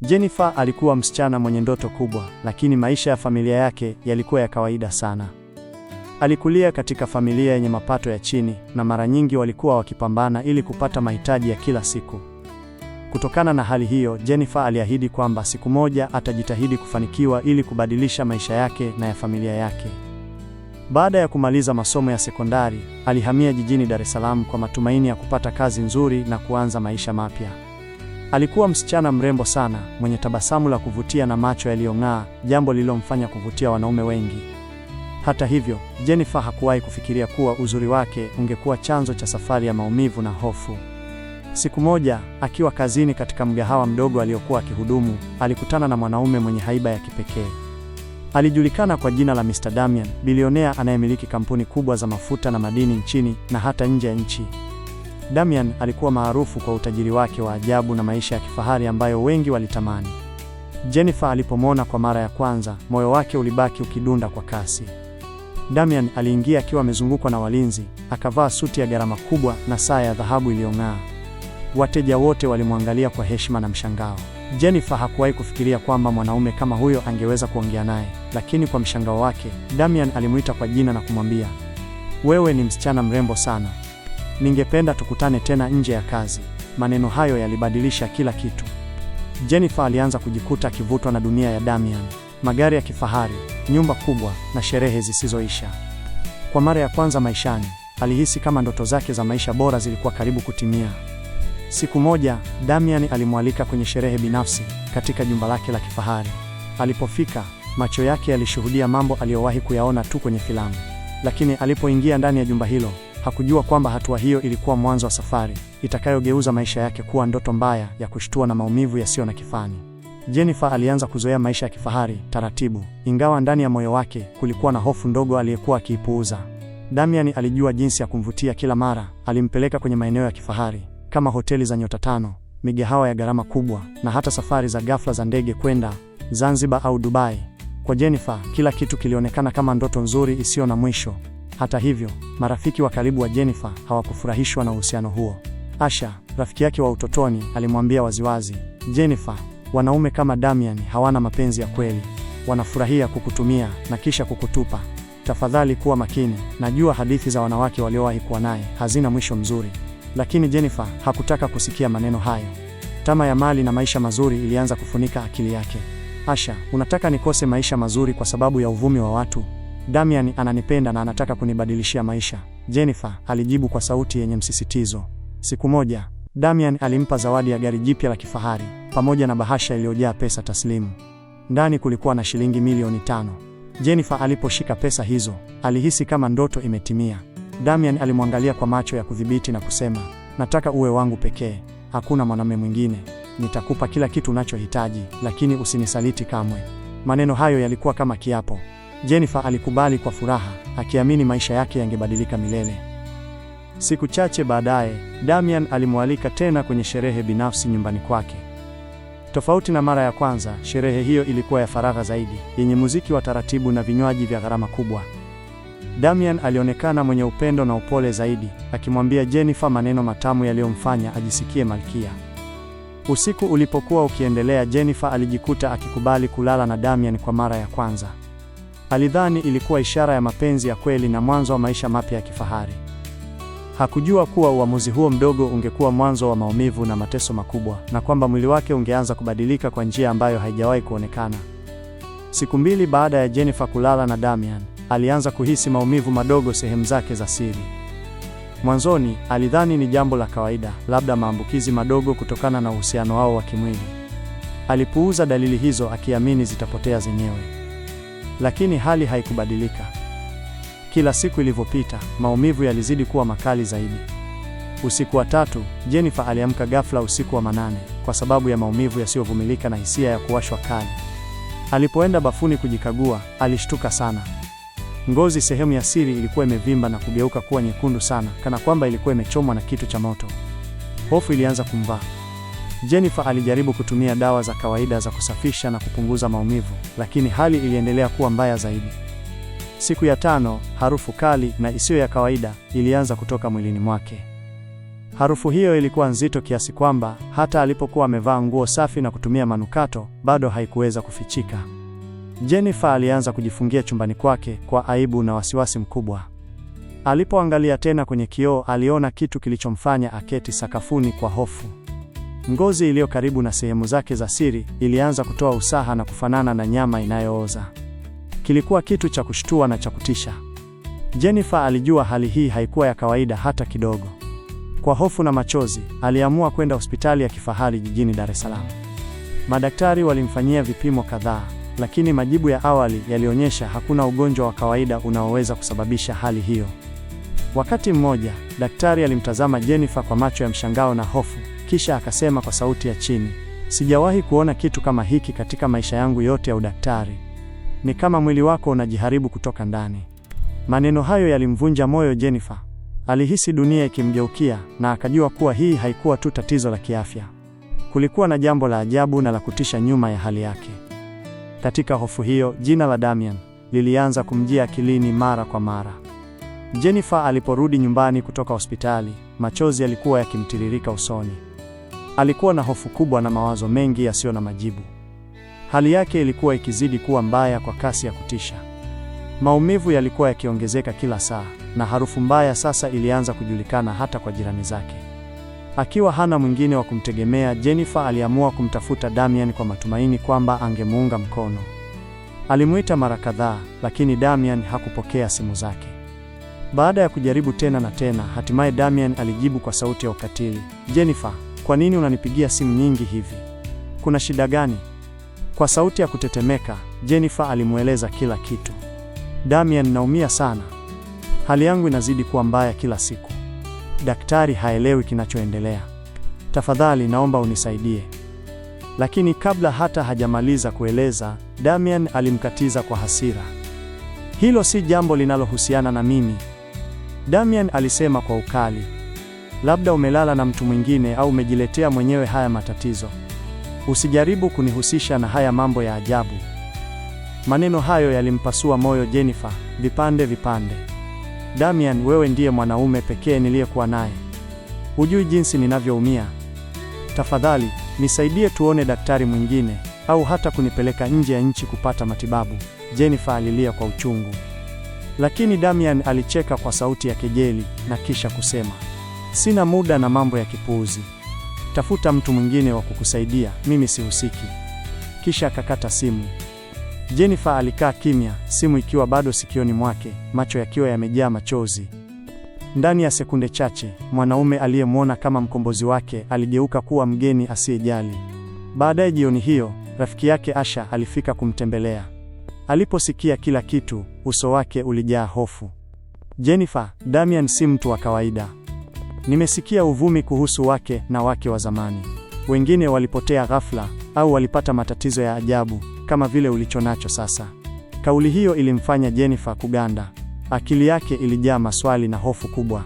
Jennifer alikuwa msichana mwenye ndoto kubwa, lakini maisha ya familia yake yalikuwa ya kawaida sana. Alikulia katika familia yenye mapato ya chini na mara nyingi walikuwa wakipambana ili kupata mahitaji ya kila siku. Kutokana na hali hiyo, Jennifer aliahidi kwamba siku moja atajitahidi kufanikiwa ili kubadilisha maisha yake na ya familia yake. Baada ya kumaliza masomo ya sekondari, alihamia jijini Dar es Salaam kwa matumaini ya kupata kazi nzuri na kuanza maisha mapya. Alikuwa msichana mrembo sana, mwenye tabasamu la kuvutia na macho yaliyong'aa, jambo lililomfanya kuvutia wanaume wengi. Hata hivyo, Jennifer hakuwahi kufikiria kuwa uzuri wake ungekuwa chanzo cha safari ya maumivu na hofu. Siku moja, akiwa kazini katika mgahawa mdogo aliokuwa akihudumu, alikutana na mwanaume mwenye haiba ya kipekee. Alijulikana kwa jina la Mr. Damian, bilionea anayemiliki kampuni kubwa za mafuta na madini nchini na hata nje ya nchi. Damian alikuwa maarufu kwa utajiri wake wa ajabu na maisha ya kifahari ambayo wengi walitamani. Jennifer alipomwona kwa mara ya kwanza, moyo wake ulibaki ukidunda kwa kasi. Damian aliingia akiwa amezungukwa na walinzi, akavaa suti ya gharama kubwa na saa ya dhahabu iliyong'aa. Wateja wote walimwangalia kwa heshima na mshangao. Jennifer hakuwahi kufikiria kwamba mwanaume kama huyo angeweza kuongea naye, lakini kwa mshangao wake, Damian alimuita kwa jina na kumwambia, "Wewe ni msichana mrembo sana." ningependa tukutane tena nje ya kazi. Maneno hayo yalibadilisha kila kitu. Jennifer alianza kujikuta akivutwa na dunia ya Damian: magari ya kifahari, nyumba kubwa na sherehe zisizoisha. Kwa mara ya kwanza maishani, alihisi kama ndoto zake za maisha bora zilikuwa karibu kutimia. Siku moja, Damian alimwalika kwenye sherehe binafsi katika jumba lake la kifahari. Alipofika, macho yake yalishuhudia mambo aliyowahi kuyaona tu kwenye filamu. Lakini alipoingia ndani ya jumba hilo, Hakujua kwamba hatua hiyo ilikuwa mwanzo wa safari itakayogeuza maisha yake kuwa ndoto mbaya ya kushtua na maumivu yasiyo na kifani. Jennifer alianza kuzoea maisha ya kifahari taratibu, ingawa ndani ya moyo wake kulikuwa na hofu ndogo aliyekuwa akiipuuza. Damian alijua jinsi ya kumvutia kila mara. Alimpeleka kwenye maeneo ya kifahari kama hoteli za nyota tano, migahawa ya gharama kubwa, na hata safari za ghafla za ndege kwenda Zanzibar au Dubai. Kwa Jennifer, kila kitu kilionekana kama ndoto nzuri isiyo na mwisho. Hata hivyo, marafiki wa karibu wa Jennifer hawakufurahishwa na uhusiano huo. Asha, rafiki yake wa utotoni, alimwambia waziwazi, Jennifer, wanaume kama Damian hawana mapenzi ya kweli. Wanafurahia kukutumia na kisha kukutupa. Tafadhali kuwa makini. Najua hadithi za wanawake waliowahi kuwa naye hazina mwisho mzuri. Lakini Jennifer hakutaka kusikia maneno hayo. Tama ya mali na maisha mazuri ilianza kufunika akili yake. Asha, unataka nikose maisha mazuri kwa sababu ya uvumi wa watu? Damian ananipenda na anataka kunibadilishia maisha, Jennifer alijibu kwa sauti yenye msisitizo. Siku moja, Damian alimpa zawadi ya gari jipya la kifahari pamoja na bahasha iliyojaa pesa taslimu. Ndani kulikuwa na shilingi milioni tano. Jennifer aliposhika pesa hizo, alihisi kama ndoto imetimia. Damian alimwangalia kwa macho ya kudhibiti na kusema, nataka uwe wangu pekee, hakuna mwanamume mwingine. Nitakupa kila kitu unachohitaji, lakini usinisaliti kamwe. Maneno hayo yalikuwa kama kiapo. Jennifer alikubali kwa furaha, akiamini maisha yake yangebadilika milele. Siku chache baadaye, Damian alimwalika tena kwenye sherehe binafsi nyumbani kwake. Tofauti na mara ya kwanza, sherehe hiyo ilikuwa ya faragha zaidi, yenye muziki wa taratibu na vinywaji vya gharama kubwa. Damian alionekana mwenye upendo na upole zaidi, akimwambia Jennifer maneno matamu yaliyomfanya ajisikie malkia. Usiku ulipokuwa ukiendelea, Jennifer alijikuta akikubali kulala na Damian kwa mara ya kwanza. Alidhani ilikuwa ishara ya mapenzi ya kweli na mwanzo wa maisha mapya ya kifahari. Hakujua kuwa uamuzi huo mdogo ungekuwa mwanzo wa maumivu na mateso makubwa, na kwamba mwili wake ungeanza kubadilika kwa njia ambayo haijawahi kuonekana. Siku mbili baada ya Jennifer kulala na Damian, alianza kuhisi maumivu madogo sehemu zake za siri. Mwanzoni alidhani ni jambo la kawaida, labda maambukizi madogo kutokana na uhusiano wao wa kimwili. Alipuuza dalili hizo akiamini zitapotea zenyewe. Lakini hali haikubadilika. Kila siku ilivyopita, maumivu yalizidi kuwa makali zaidi. Usiku wa tatu, Jennifer aliamka ghafla usiku wa manane kwa sababu ya maumivu yasiyovumilika na hisia ya kuwashwa kali. Alipoenda bafuni kujikagua, alishtuka sana. Ngozi sehemu ya siri ilikuwa imevimba na kugeuka kuwa nyekundu sana, kana kwamba ilikuwa imechomwa na kitu cha moto. Hofu ilianza kumvaa. Jennifer alijaribu kutumia dawa za kawaida za kusafisha na kupunguza maumivu, lakini hali iliendelea kuwa mbaya zaidi. Siku ya tano, harufu kali na isiyo ya kawaida ilianza kutoka mwilini mwake. Harufu hiyo ilikuwa nzito kiasi kwamba hata alipokuwa amevaa nguo safi na kutumia manukato, bado haikuweza kufichika. Jennifer alianza kujifungia chumbani kwake kwa aibu na wasiwasi mkubwa. Alipoangalia tena kwenye kioo, aliona kitu kilichomfanya aketi sakafuni kwa hofu. Ngozi iliyo karibu na sehemu zake za siri ilianza kutoa usaha na kufanana na nyama inayooza. Kilikuwa kitu cha kushtua na cha kutisha. Jennifer alijua hali hii haikuwa ya kawaida hata kidogo. Kwa hofu na machozi, aliamua kwenda hospitali ya kifahari jijini Dar es Salaam. Madaktari walimfanyia vipimo kadhaa, lakini majibu ya awali yalionyesha hakuna ugonjwa wa kawaida unaoweza kusababisha hali hiyo. Wakati mmoja, daktari alimtazama Jennifer kwa macho ya mshangao na hofu. Kisha akasema kwa sauti ya chini, sijawahi kuona kitu kama hiki katika maisha yangu yote ya udaktari. Ni kama mwili wako unajiharibu kutoka ndani. Maneno hayo yalimvunja moyo Jennifer. Alihisi dunia ikimgeukia na akajua kuwa hii haikuwa tu tatizo la kiafya. Kulikuwa na jambo la ajabu na la kutisha nyuma ya hali yake. Katika hofu hiyo, jina la Damian lilianza kumjia akilini mara kwa mara. Jennifer aliporudi nyumbani kutoka hospitali, machozi yalikuwa yakimtiririka usoni. Alikuwa na hofu kubwa na mawazo mengi yasiyo na majibu. Hali yake ilikuwa ikizidi kuwa mbaya kwa kasi ya kutisha. Maumivu yalikuwa yakiongezeka kila saa, na harufu mbaya sasa ilianza kujulikana hata kwa jirani zake. Akiwa hana mwingine wa kumtegemea, Jennifer aliamua kumtafuta Damian kwa matumaini kwamba angemuunga mkono. Alimuita mara kadhaa, lakini Damian hakupokea simu zake. Baada ya kujaribu tena na tena, hatimaye Damian alijibu kwa sauti ya ukatili, Jennifer kwa nini unanipigia simu nyingi hivi? Kuna shida gani? Kwa sauti ya kutetemeka, Jennifer alimweleza kila kitu. Damian, naumia sana. Hali yangu inazidi kuwa mbaya kila siku. Daktari haelewi kinachoendelea. Tafadhali naomba unisaidie. Lakini kabla hata hajamaliza kueleza, Damian alimkatiza kwa hasira. Hilo si jambo linalohusiana na mimi. Damian alisema kwa ukali. Labda umelala na mtu mwingine au umejiletea mwenyewe haya matatizo. Usijaribu kunihusisha na haya mambo ya ajabu. Maneno hayo yalimpasua moyo Jennifer vipande vipande. Damian, wewe ndiye mwanaume pekee niliyekuwa naye. Hujui jinsi ninavyoumia. Tafadhali nisaidie tuone daktari mwingine au hata kunipeleka nje ya nchi kupata matibabu, Jennifer alilia kwa uchungu. Lakini Damian alicheka kwa sauti ya kejeli na kisha kusema Sina muda na mambo ya kipuuzi, tafuta mtu mwingine wa kukusaidia, mimi sihusiki. Kisha akakata simu. Jennifer alikaa kimya, simu ikiwa bado sikioni mwake, macho yakiwa yamejaa machozi. Ndani ya sekunde chache, mwanaume aliyemwona kama mkombozi wake aligeuka kuwa mgeni asiyejali. Baadaye jioni hiyo, rafiki yake Asha alifika kumtembelea. Aliposikia kila kitu, uso wake ulijaa hofu. Jennifer, Damian si mtu wa kawaida. Nimesikia uvumi kuhusu wake na wake wa zamani. Wengine walipotea ghafla au walipata matatizo ya ajabu kama vile ulichonacho sasa. Kauli hiyo ilimfanya Jennifer kuganda. Akili yake ilijaa maswali na hofu kubwa.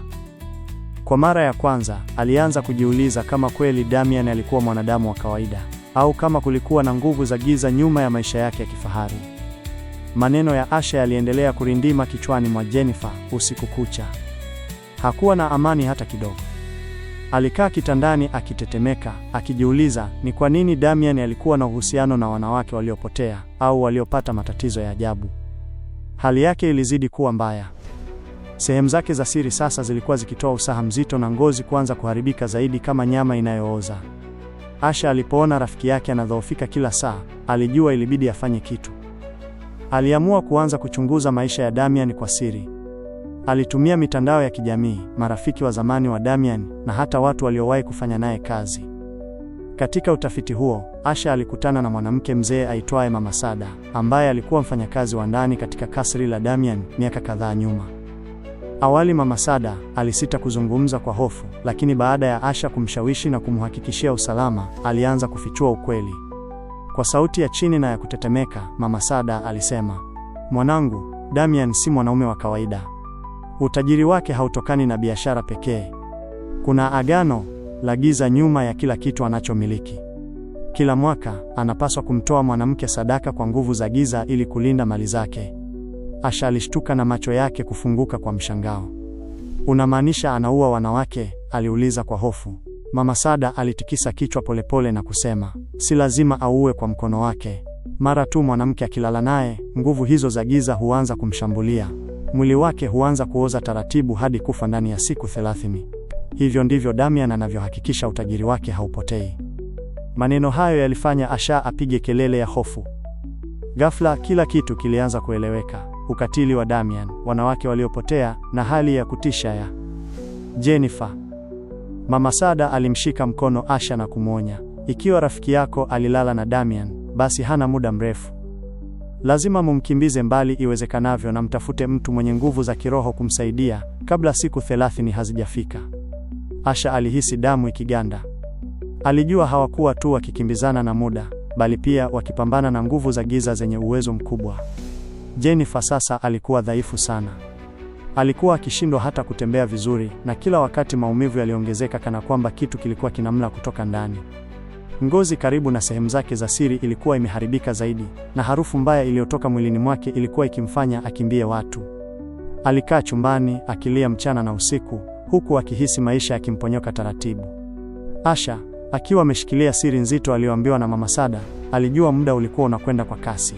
Kwa mara ya kwanza, alianza kujiuliza kama kweli Damian alikuwa mwanadamu wa kawaida au kama kulikuwa na nguvu za giza nyuma ya maisha yake ya kifahari. Maneno ya Asha yaliendelea kurindima kichwani mwa Jennifer usiku kucha. Hakuwa na amani hata kidogo. Alikaa kitandani akitetemeka, akijiuliza ni kwa nini Damian alikuwa na uhusiano na wanawake waliopotea au waliopata matatizo ya ajabu. Hali yake ilizidi kuwa mbaya. Sehemu zake za siri sasa zilikuwa zikitoa usaha mzito na ngozi kuanza kuharibika zaidi kama nyama inayooza. Asha alipoona rafiki yake anadhoofika kila saa, alijua ilibidi afanye kitu. Aliamua kuanza kuchunguza maisha ya Damian kwa siri, Alitumia mitandao ya kijamii, marafiki wa zamani wa Damian na hata watu waliowahi kufanya naye kazi. Katika utafiti huo, Asha alikutana na mwanamke mzee aitwaye Mama Sada, ambaye alikuwa mfanyakazi wa ndani katika kasri la Damian miaka kadhaa nyuma. Awali Mama Sada alisita kuzungumza kwa hofu, lakini baada ya Asha kumshawishi na kumhakikishia usalama, alianza kufichua ukweli. Kwa sauti ya chini na ya kutetemeka, Mama Sada alisema, "Mwanangu, Damian si mwanaume wa kawaida. Utajiri wake hautokani na biashara pekee. Kuna agano la giza nyuma ya kila kitu anachomiliki. Kila mwaka anapaswa kumtoa mwanamke sadaka kwa nguvu za giza ili kulinda mali zake. Asha alishtuka na macho yake kufunguka kwa mshangao. Unamaanisha anaua wanawake? aliuliza kwa hofu. Mama Sada alitikisa kichwa polepole na kusema, si lazima auue kwa mkono wake. Mara tu mwanamke akilala naye, nguvu hizo za giza huanza kumshambulia mwili wake huanza kuoza taratibu hadi kufa ndani ya siku thelathini. Hivyo ndivyo Damian anavyohakikisha utajiri wake haupotei. Maneno hayo yalifanya Asha apige kelele ya hofu. Ghafla kila kitu kilianza kueleweka: ukatili wa Damian, wanawake waliopotea, na hali ya kutisha ya Jennifer. Mama Sada alimshika mkono Asha na kumwonya, ikiwa rafiki yako alilala na Damian, basi hana muda mrefu Lazima mumkimbize mbali iwezekanavyo na mtafute mtu mwenye nguvu za kiroho kumsaidia kabla siku thelathini hazijafika. Asha alihisi damu ikiganda. Alijua hawakuwa tu wakikimbizana na muda, bali pia wakipambana na nguvu za giza zenye uwezo mkubwa. Jennifer sasa alikuwa dhaifu sana. Alikuwa akishindwa hata kutembea vizuri, na kila wakati maumivu yaliongezeka kana kwamba kitu kilikuwa kinamla kutoka ndani. Ngozi karibu na sehemu zake za siri ilikuwa imeharibika zaidi, na harufu mbaya iliyotoka mwilini mwake ilikuwa ikimfanya akimbie watu. Alikaa chumbani akilia mchana na usiku, huku akihisi maisha yakimponyoka taratibu. Asha akiwa ameshikilia siri nzito aliyoambiwa na Mama Sada, alijua muda ulikuwa unakwenda kwa kasi.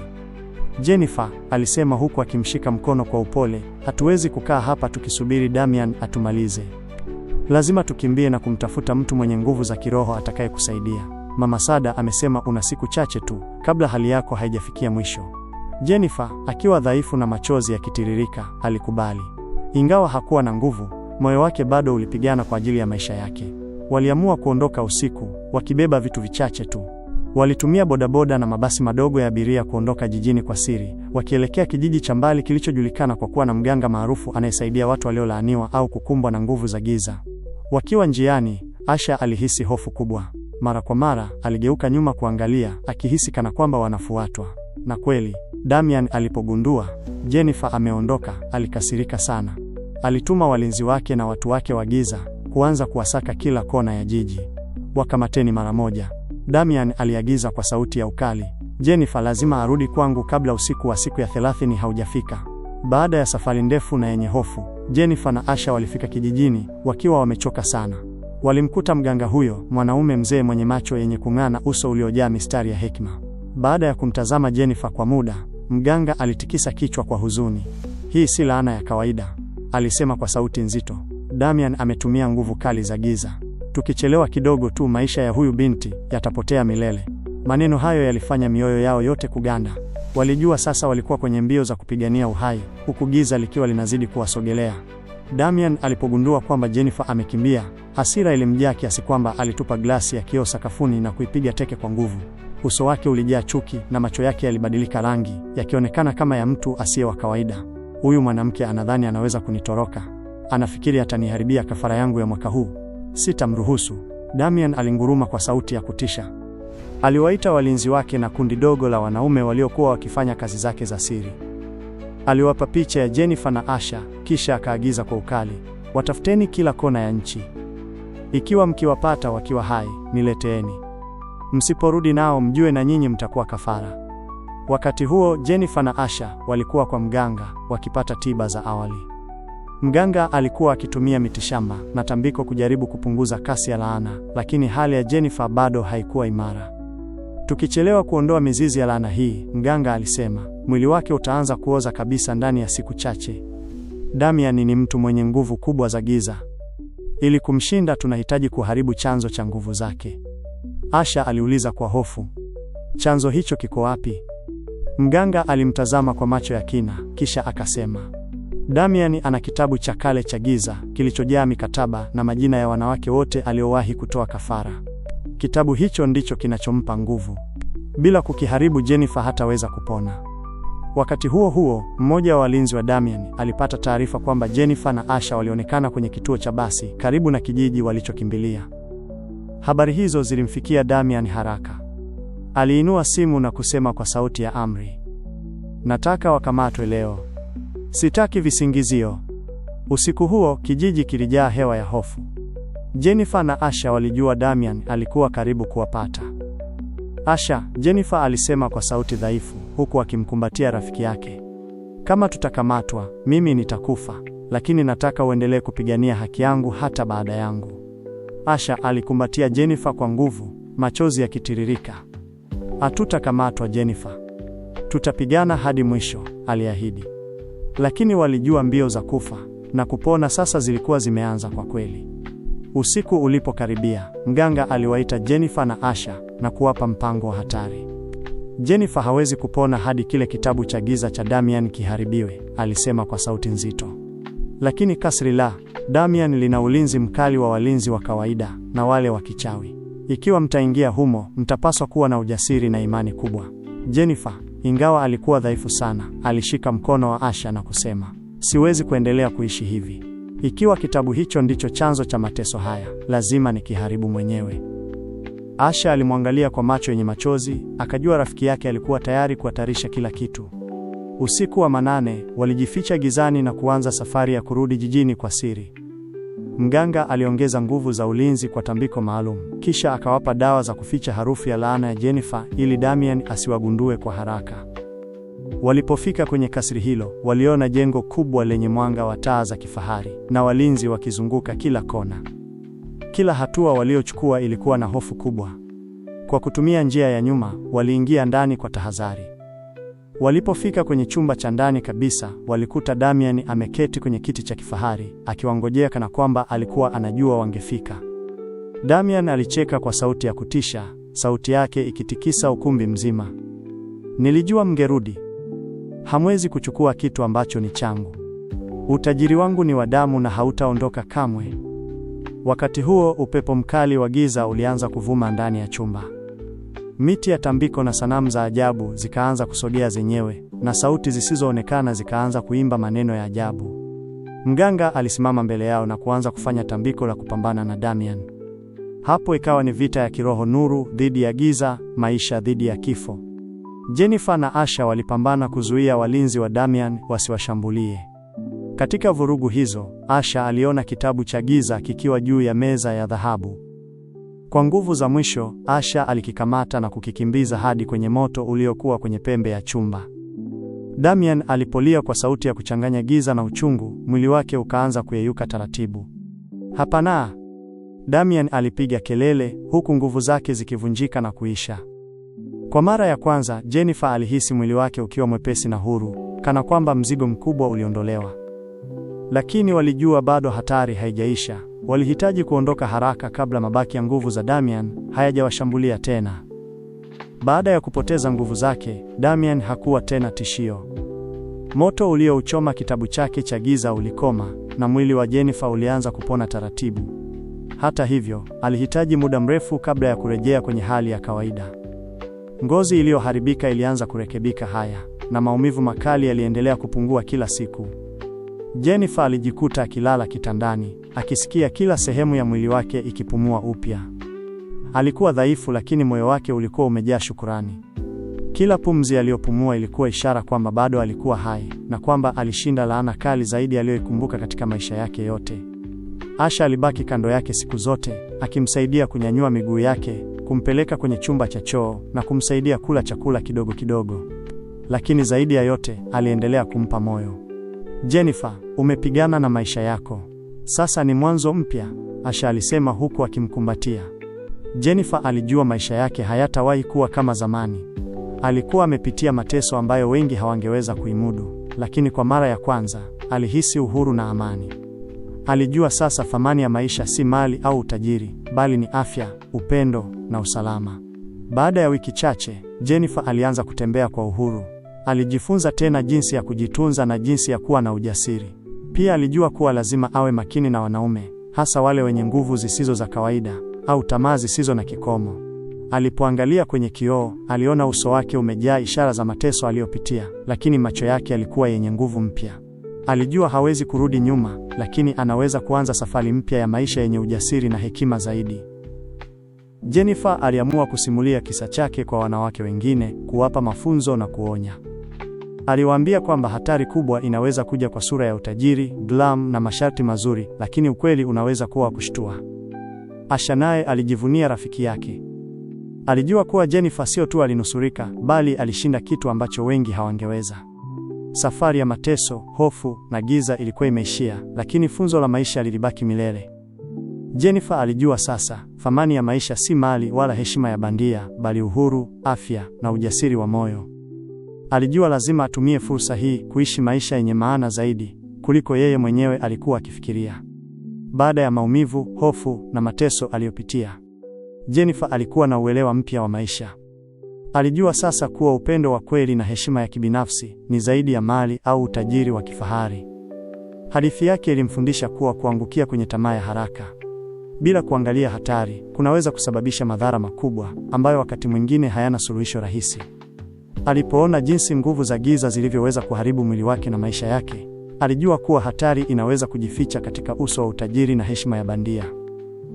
Jennifer alisema huku akimshika mkono kwa upole, hatuwezi kukaa hapa tukisubiri Damian atumalize. Lazima tukimbie na kumtafuta mtu mwenye nguvu za kiroho atakayekusaidia. Mama Sada amesema una siku chache tu kabla hali yako haijafikia mwisho. Jennifer, akiwa dhaifu na machozi yakitiririka, alikubali. Ingawa hakuwa na nguvu, moyo wake bado ulipigana kwa ajili ya maisha yake. Waliamua kuondoka usiku, wakibeba vitu vichache tu. Walitumia bodaboda na mabasi madogo ya abiria kuondoka jijini kwa siri, wakielekea kijiji cha mbali kilichojulikana kwa kuwa na mganga maarufu anayesaidia watu waliolaaniwa au kukumbwa na nguvu za giza. Wakiwa njiani, Asha alihisi hofu kubwa. Mara kwa mara aligeuka nyuma kuangalia, akihisi kana kwamba wanafuatwa. Na kweli, Damian alipogundua Jennifer ameondoka, alikasirika sana. Alituma walinzi wake na watu wake wa giza kuanza kuwasaka kila kona ya jiji. Wakamateni mara moja, Damian aliagiza kwa sauti ya ukali. Jennifer lazima arudi kwangu kabla usiku wa siku ya thelathini haujafika. Baada ya safari ndefu na yenye hofu, Jennifer na Asha walifika kijijini wakiwa wamechoka sana. Walimkuta mganga huyo, mwanaume mzee mwenye macho yenye kung'ana, uso uliojaa mistari ya hekima. Baada ya kumtazama Jennifer kwa muda, mganga alitikisa kichwa kwa huzuni. Hii si laana ya kawaida, alisema kwa sauti nzito. Damian ametumia nguvu kali za giza. Tukichelewa kidogo tu, maisha ya huyu binti yatapotea milele. Maneno hayo yalifanya mioyo yao yote kuganda. Walijua sasa walikuwa kwenye mbio za kupigania uhai, huku giza likiwa linazidi kuwasogelea. Damian alipogundua kwamba Jennifer amekimbia, hasira ilimjaa kiasi kwamba alitupa glasi ya kioo sakafuni na kuipiga teke kwa nguvu. Uso wake ulijaa chuki na macho yake yalibadilika rangi, yakionekana kama ya mtu asiye wa kawaida. Huyu mwanamke anadhani anaweza kunitoroka. Anafikiri ataniharibia kafara yangu ya mwaka huu. Sitamruhusu. Damian alinguruma kwa sauti ya kutisha. Aliwaita walinzi wake na kundi dogo la wanaume waliokuwa wakifanya kazi zake za siri. Aliwapa picha ya Jennifer na Asha, kisha akaagiza kwa ukali, watafuteni kila kona ya nchi. Ikiwa mkiwapata wakiwa hai, nileteeni. Msiporudi nao, mjue na nyinyi mtakuwa kafara. Wakati huo Jennifer na Asha walikuwa kwa mganga wakipata tiba za awali. Mganga alikuwa akitumia mitishamba na tambiko kujaribu kupunguza kasi ya laana, lakini hali ya Jennifer bado haikuwa imara. Tukichelewa kuondoa mizizi ya laana hii, mganga alisema, mwili wake utaanza kuoza kabisa ndani ya siku chache. Damian ni mtu mwenye nguvu kubwa za giza. Ili kumshinda, tunahitaji kuharibu chanzo cha nguvu zake. Asha aliuliza kwa hofu, chanzo hicho kiko wapi? Mganga alimtazama kwa macho ya kina, kisha akasema, Damian ana kitabu cha kale cha giza kilichojaa mikataba na majina ya wanawake wote aliowahi kutoa kafara. Kitabu hicho ndicho kinachompa nguvu. Bila kukiharibu, Jennifer hataweza kupona. Wakati huo huo, mmoja wa walinzi wa Damian alipata taarifa kwamba Jennifer na Asha walionekana kwenye kituo cha basi karibu na kijiji walichokimbilia. Habari hizo zilimfikia Damian haraka. Aliinua simu na kusema kwa sauti ya amri, nataka wakamatwe leo, sitaki visingizio. Usiku huo kijiji kilijaa hewa ya hofu. Jennifer na Asha walijua Damian alikuwa karibu kuwapata. Asha, Jennifer alisema kwa sauti dhaifu, huku akimkumbatia rafiki yake. Kama tutakamatwa, mimi nitakufa, lakini nataka uendelee kupigania haki yangu hata baada yangu. Asha alikumbatia Jennifer kwa nguvu, machozi yakitiririka. Hatutakamatwa Jennifer, tutapigana hadi mwisho, aliahidi. Lakini walijua mbio za kufa na kupona sasa zilikuwa zimeanza kwa kweli. Usiku ulipokaribia, mganga aliwaita Jennifer na Asha na kuwapa mpango wa hatari. Jennifer hawezi kupona hadi kile kitabu cha giza cha Damian kiharibiwe, alisema kwa sauti nzito. Lakini kasri la Damian lina ulinzi mkali wa walinzi wa kawaida na wale wa kichawi. Ikiwa mtaingia humo, mtapaswa kuwa na ujasiri na imani kubwa. Jennifer, ingawa alikuwa dhaifu sana, alishika mkono wa Asha na kusema, siwezi kuendelea kuishi hivi. Ikiwa kitabu hicho ndicho chanzo cha mateso haya, lazima nikiharibu mwenyewe. Asha alimwangalia kwa macho yenye machozi, akajua rafiki yake alikuwa tayari kuhatarisha kila kitu. Usiku wa manane, walijificha gizani na kuanza safari ya kurudi jijini kwa siri. Mganga aliongeza nguvu za ulinzi kwa tambiko maalum, kisha akawapa dawa za kuficha harufu ya laana ya Jennifer ili Damian asiwagundue kwa haraka. Walipofika kwenye kasri hilo, waliona jengo kubwa lenye mwanga wa taa za kifahari na walinzi wakizunguka kila kona. Kila hatua waliochukua ilikuwa na hofu kubwa. Kwa kutumia njia ya nyuma, waliingia ndani kwa tahadhari. Walipofika kwenye chumba cha ndani kabisa, walikuta Damian ameketi kwenye kiti cha kifahari akiwangojea kana kwamba alikuwa anajua wangefika. Damian alicheka kwa sauti ya kutisha, sauti yake ikitikisa ukumbi mzima. Nilijua mngerudi, Hamwezi kuchukua kitu ambacho ni changu. Utajiri wangu ni wa damu na hautaondoka kamwe. Wakati huo upepo mkali wa giza ulianza kuvuma ndani ya chumba. Miti ya tambiko na sanamu za ajabu zikaanza kusogea zenyewe, na sauti zisizoonekana zikaanza kuimba maneno ya ajabu. Mganga alisimama mbele yao na kuanza kufanya tambiko la kupambana na Damian. Hapo ikawa ni vita ya kiroho, nuru dhidi ya giza, maisha dhidi ya kifo. Jennifer na Asha walipambana kuzuia walinzi wa Damian wasiwashambulie. Katika vurugu hizo, Asha aliona kitabu cha giza kikiwa juu ya meza ya dhahabu. Kwa nguvu za mwisho, Asha alikikamata na kukikimbiza hadi kwenye moto uliokuwa kwenye pembe ya chumba. Damian alipolia kwa sauti ya kuchanganya giza na uchungu, mwili wake ukaanza kuyeyuka taratibu. Hapana! Damian alipiga kelele huku nguvu zake zikivunjika na kuisha. Kwa mara ya kwanza, Jennifer alihisi mwili wake ukiwa mwepesi na huru, kana kwamba mzigo mkubwa uliondolewa. Lakini walijua bado hatari haijaisha. Walihitaji kuondoka haraka kabla mabaki ya nguvu za Damian hayajawashambulia tena. Baada ya kupoteza nguvu zake, Damian hakuwa tena tishio. Moto uliouchoma kitabu chake cha giza ulikoma na mwili wa Jennifer ulianza kupona taratibu. Hata hivyo, alihitaji muda mrefu kabla ya kurejea kwenye hali ya kawaida. Ngozi iliyoharibika ilianza kurekebika haya, na maumivu makali yaliendelea kupungua kila siku. Jennifer alijikuta akilala kitandani, akisikia kila sehemu ya mwili wake ikipumua upya. Alikuwa dhaifu, lakini moyo wake ulikuwa umejaa shukurani. Kila pumzi aliyopumua ilikuwa ishara kwamba bado alikuwa hai na kwamba alishinda laana kali zaidi aliyoikumbuka katika maisha yake yote. Asha alibaki kando yake siku zote, akimsaidia kunyanyua miguu yake, kumpeleka kwenye chumba cha choo na kumsaidia kula chakula kidogo kidogo. Lakini zaidi ya yote, aliendelea kumpa moyo. Jennifer, umepigana na maisha yako, sasa ni mwanzo mpya, Asha alisema huku akimkumbatia. Jennifer alijua maisha yake hayatawahi kuwa kama zamani. Alikuwa amepitia mateso ambayo wengi hawangeweza kuimudu, lakini kwa mara ya kwanza alihisi uhuru na amani. Alijua sasa thamani ya maisha si mali au utajiri, bali ni afya, upendo na usalama. Baada ya wiki chache, Jennifer alianza kutembea kwa uhuru. Alijifunza tena jinsi ya kujitunza na jinsi ya kuwa na ujasiri. Pia alijua kuwa lazima awe makini na wanaume, hasa wale wenye nguvu zisizo za kawaida au tamaa zisizo na kikomo. Alipoangalia kwenye kioo, aliona uso wake umejaa ishara za mateso aliyopitia, lakini macho yake yalikuwa yenye nguvu mpya. Alijua hawezi kurudi nyuma, lakini anaweza kuanza safari mpya ya maisha yenye ujasiri na hekima zaidi. Jennifer aliamua kusimulia kisa chake kwa wanawake wengine, kuwapa mafunzo na kuonya. Aliwaambia kwamba hatari kubwa inaweza kuja kwa sura ya utajiri, glam na masharti mazuri, lakini ukweli unaweza kuwa wa kushtua. Asha naye alijivunia rafiki yake. Alijua kuwa Jennifer sio tu alinusurika, bali alishinda kitu ambacho wengi hawangeweza. Safari ya mateso, hofu na giza ilikuwa imeishia, lakini funzo la maisha lilibaki milele. Jennifer alijua sasa thamani ya maisha si mali wala heshima ya bandia, bali uhuru, afya na ujasiri wa moyo. Alijua lazima atumie fursa hii kuishi maisha yenye maana zaidi kuliko yeye mwenyewe alikuwa akifikiria. Baada ya maumivu, hofu na mateso aliyopitia, Jennifer alikuwa na uelewa mpya wa maisha. Alijua sasa kuwa upendo wa kweli na heshima ya kibinafsi ni zaidi ya mali au utajiri wa kifahari. Hadithi yake ilimfundisha kuwa kuangukia kwenye tamaa ya haraka bila kuangalia hatari kunaweza kusababisha madhara makubwa ambayo wakati mwingine hayana suluhisho rahisi. Alipoona jinsi nguvu za giza zilivyoweza kuharibu mwili wake na maisha yake, alijua kuwa hatari inaweza kujificha katika uso wa utajiri na heshima ya bandia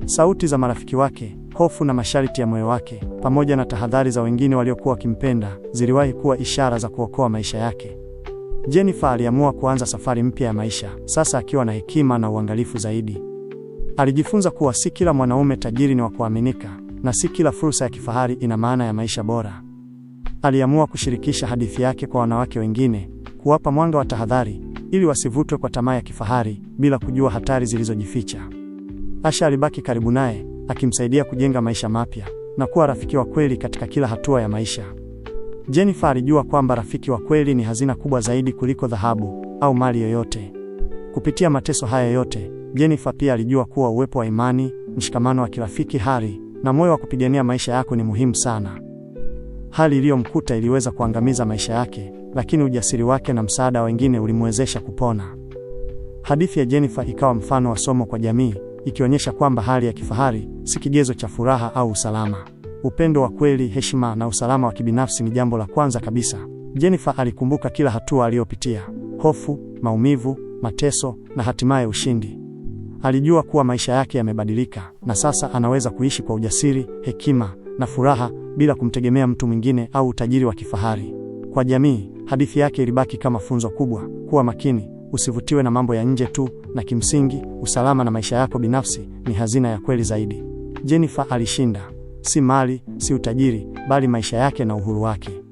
sauti za marafiki wake, hofu na masharti ya moyo wake, pamoja na tahadhari za wengine waliokuwa wakimpenda, ziliwahi kuwa ishara za kuokoa maisha yake. Jennifer aliamua kuanza safari mpya ya maisha, sasa akiwa na hekima na uangalifu zaidi. Alijifunza kuwa si kila mwanaume tajiri ni wa kuaminika, na si kila fursa ya kifahari ina maana ya maisha bora. Aliamua kushirikisha hadithi yake kwa wanawake wengine, kuwapa mwanga wa tahadhari ili wasivutwe kwa tamaa ya kifahari bila kujua hatari zilizojificha. Asha alibaki karibu naye akimsaidia kujenga maisha mapya na kuwa rafiki wa kweli katika kila hatua ya maisha. Jennifer alijua kwamba rafiki wa kweli ni hazina kubwa zaidi kuliko dhahabu au mali yoyote. Kupitia mateso haya yote, Jennifer pia alijua kuwa uwepo wa imani, mshikamano wa kirafiki, hari na moyo wa kupigania maisha yako ni muhimu sana. Hali iliyomkuta iliweza kuangamiza maisha yake, lakini ujasiri wake na msaada wengine ulimwezesha kupona. Hadithi ya Jennifer ikawa mfano wa somo kwa jamii ikionyesha kwamba hali ya kifahari si kigezo cha furaha au usalama. Upendo wa kweli, heshima na usalama wa kibinafsi ni jambo la kwanza kabisa. Jennifer alikumbuka kila hatua aliyopitia: hofu, maumivu, mateso na hatimaye ushindi. Alijua kuwa maisha yake yamebadilika na sasa anaweza kuishi kwa ujasiri, hekima na furaha bila kumtegemea mtu mwingine au utajiri wa kifahari. Kwa jamii, hadithi yake ilibaki kama funzo kubwa: kuwa makini, usivutiwe na mambo ya nje tu, na kimsingi usalama na maisha yako binafsi ni hazina ya kweli zaidi. Jennifer alishinda, si mali, si utajiri, bali maisha yake na uhuru wake.